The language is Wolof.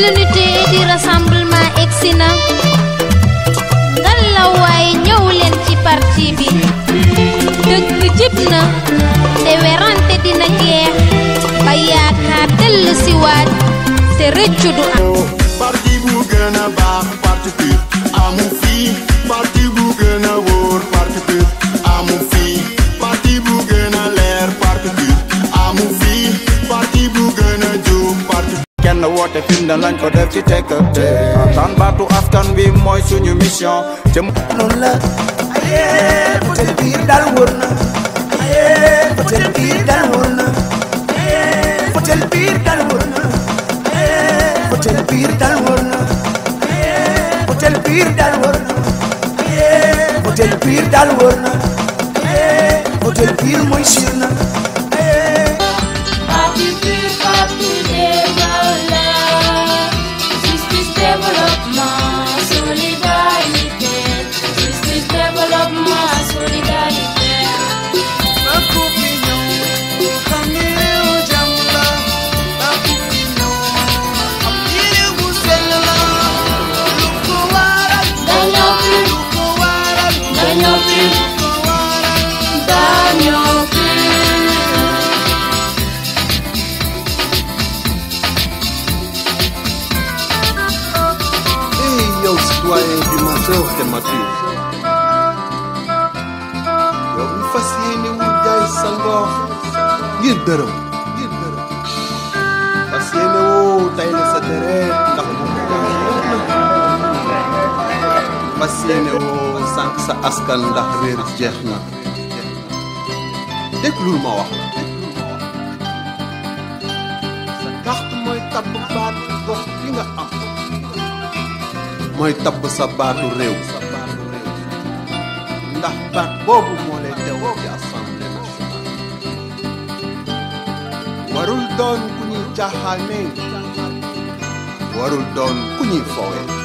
l'unité di rassemblement egsi na ngalla waay ñëw ci parti bi dëgg jib na te werante dina jeex ba yaakaar dellusiwaat te rëccu du am la lañ ko def ci Tektal TV tan baatu askan bi mooy suñu mission te noonu la ayee bëtel bi daal wër na ayee bëtel bi daal wër na ayee bëtel bi daal wër na ayee bëtel bi daal wër mooy siir Danioky. yote matiu yomfasi yeni wudai sango yidero yidero fasi yeni wo taile satere ndakubuka fasi yeni wo sank sa askan ndax réer jeex na déglul ma wax sa carte mooy tabb baatu gox bi nga am mooy tabb sa baatu réew ndax baat boobu moo lay tew ci assemblée nationale warul doon ku ñuy jaaxaanee warul doon ku ñuy fowee